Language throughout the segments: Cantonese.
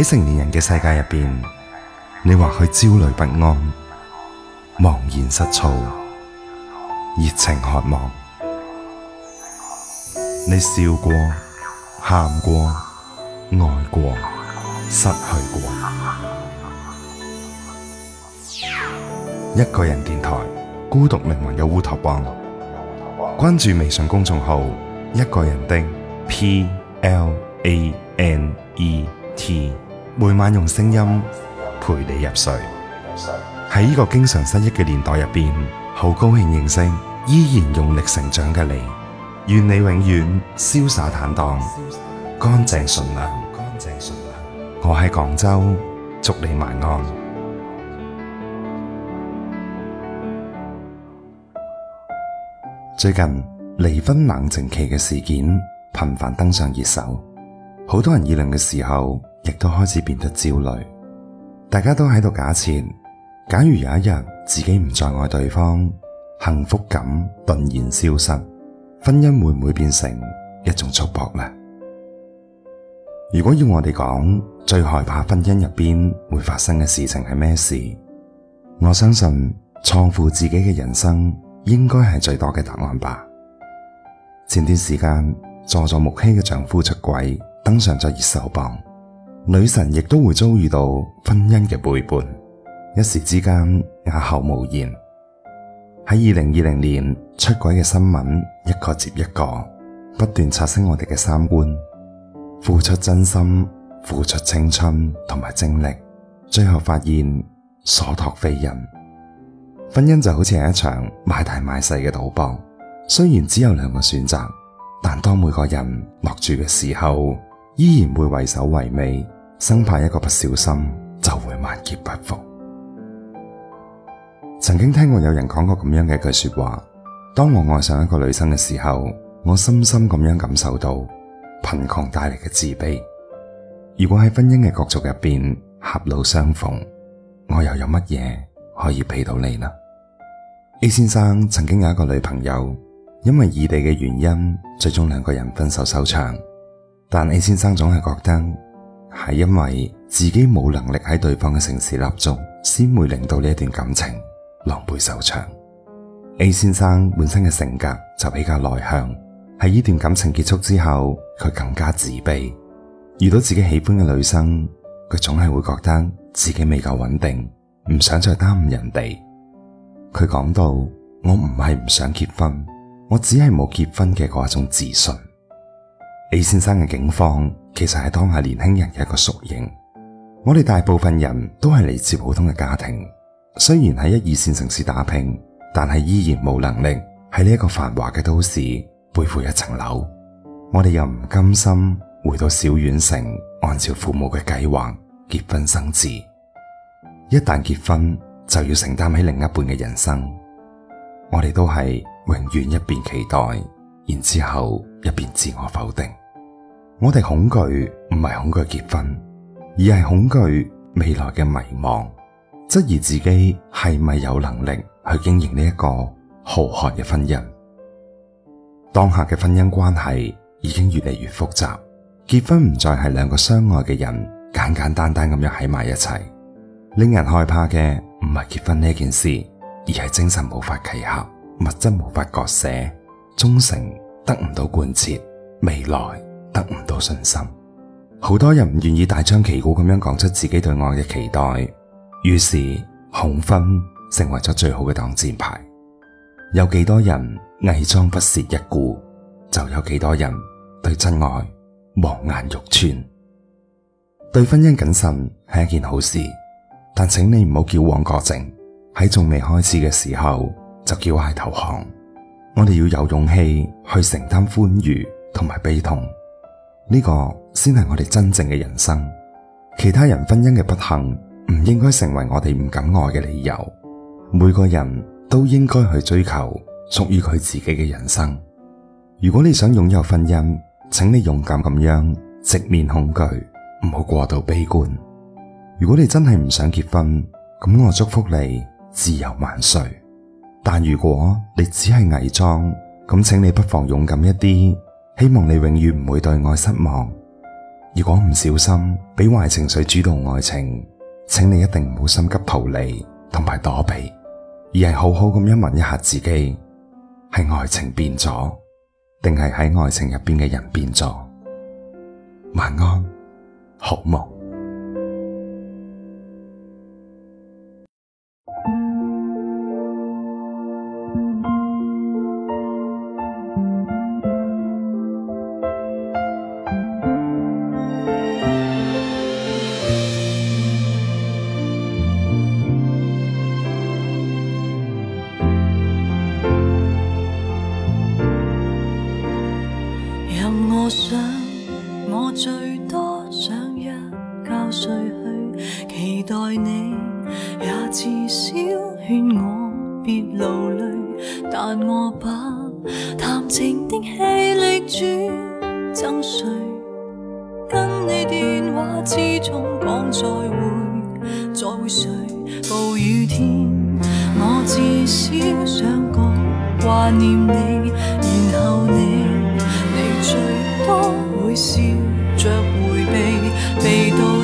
喺成年人嘅世界入邊，你或許焦慮不安、茫然失措、熱情渴望。你笑過、喊過、愛過、失去過。一個人電台，孤獨靈魂有烏托邦。關注微信公眾號“一個人的 P L A N E T”。每晚用聲音陪你入睡。喺呢個經常失憶嘅年代入邊，好高興認識依然用力成長嘅你。願你永遠瀟灑坦蕩、乾淨純良。我喺廣州，祝你晚安。最近離婚冷靜期嘅事件頻繁登上熱搜。好多人議論嘅時候，亦都開始變得焦慮。大家都喺度假設，假如有一日自己唔再愛對方，幸福感頓然消失，婚姻會唔會變成一種束縛呢？如果要我哋講最害怕婚姻入邊會發生嘅事情係咩事？我相信創負自己嘅人生應該係最多嘅答案吧。前段時間佐佐木希嘅丈夫出軌。登上咗熱搜榜，女神亦都會遭遇到婚姻嘅背叛，一時之間啞口無言。喺二零二零年，出軌嘅新聞一個接一個，不斷刷新我哋嘅三觀。付出真心、付出青春同埋精力，最後發現所託非人。婚姻就好似係一場買大買細嘅賭博，雖然只有兩個選擇，但當每個人落注嘅時候，依然會畏首畏尾，生怕一個不小心就會萬劫不復。曾經聽過有人講過咁樣嘅一句說話：當我愛上一個女生嘅時候，我深深咁樣感受到貧窮帶嚟嘅自卑。如果喺婚姻嘅角逐入邊狹路相逢，我又有乜嘢可以俾到你呢？A 先生曾經有一個女朋友，因為異地嘅原因，最終兩個人分手收場。但 A 先生總係覺得係因為自己冇能力喺對方嘅城市立足，先會令到呢一段感情狼狽收場。A 先生本身嘅性格就比較內向，喺呢段感情結束之後，佢更加自卑。遇到自己喜歡嘅女生，佢總係會覺得自己未夠穩定，唔想再耽誤人哋。佢講到：我唔係唔想結婚，我只係冇結婚嘅嗰一種自信。李先生嘅境況其實係當下年輕人嘅一個縮影。我哋大部分人都係嚟自普通嘅家庭，雖然喺一二線城市打拼，但係依然冇能力喺呢一個繁華嘅都市背負一層樓。我哋又唔甘心回到小縣城，按照父母嘅計劃結婚生子。一旦結婚，就要承擔起另一半嘅人生。我哋都係永遠一邊期待，然之後一邊自我否定。我哋恐懼唔係恐懼結婚，而係恐懼未來嘅迷茫，質疑自己係咪有能力去經營呢一個浩瀚嘅婚姻。當下嘅婚姻關係已經越嚟越複雜，結婚唔再係兩個相愛嘅人簡簡單單咁樣喺埋一齊。令人害怕嘅唔係結婚呢件事，而係精神無法契合，物質無法割捨，忠誠得唔到貫徹，未來，得唔到信心，好多人唔願意大張旗鼓咁樣講出自己對愛嘅期待，於是恐婚成為咗最好嘅擋箭牌。有幾多人偽裝不屑一顧，就有幾多人對真愛望眼欲穿。對婚姻謹慎係一件好事，但請你唔好叫亡國症喺仲未開始嘅時候就叫嗌投降。我哋要有勇氣去承擔歡愉同埋悲痛。呢個先係我哋真正嘅人生，其他人婚姻嘅不幸唔應該成為我哋唔敢愛嘅理由。每個人都應該去追求屬於佢自己嘅人生。如果你想擁有婚姻，請你勇敢咁樣直面恐懼，唔好過度悲觀。如果你真係唔想結婚，咁我祝福你自由萬歲。但如果你只係偽裝，咁請你不妨勇敢一啲。希望你永遠唔會對愛失望。如果唔小心俾壞情緒主導愛情，請你一定唔好心急逃離同埋躲避，而係好好咁樣問一下自己，係愛情變咗，定係喺愛情入邊嘅人變咗？晚安，好夢。待你，也至少勸我別流淚，但我把談情的氣力轉贈誰，跟你電話之中講再會，再會誰，暴雨天，我至少想講掛念你，然後你，你最多會笑着回避，避到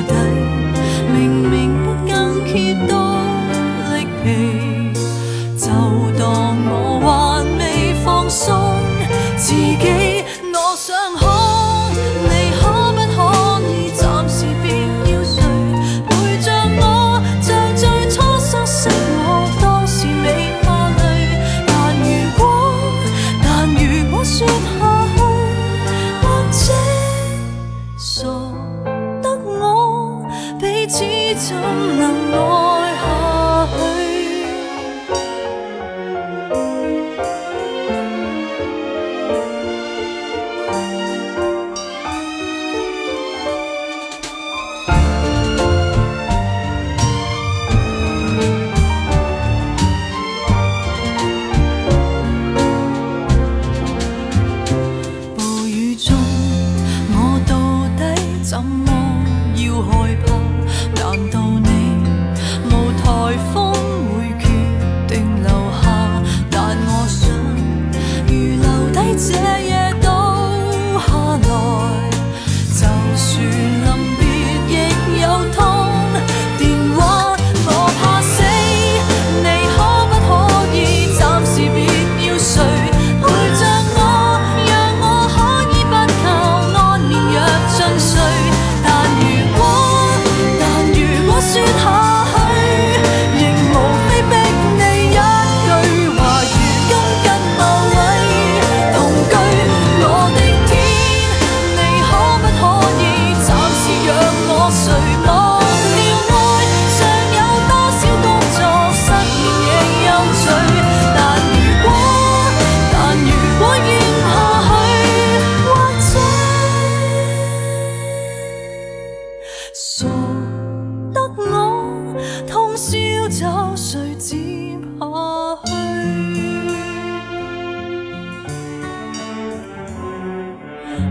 朝早誰接下去？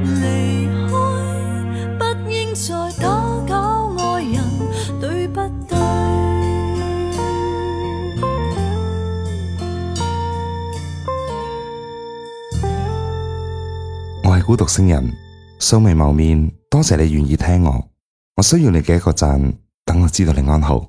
離開不應再打攪愛人，對不對？我係孤獨星人，素未謀面，多謝你願意聽我。我需要你嘅一個讚，等我知道你安好。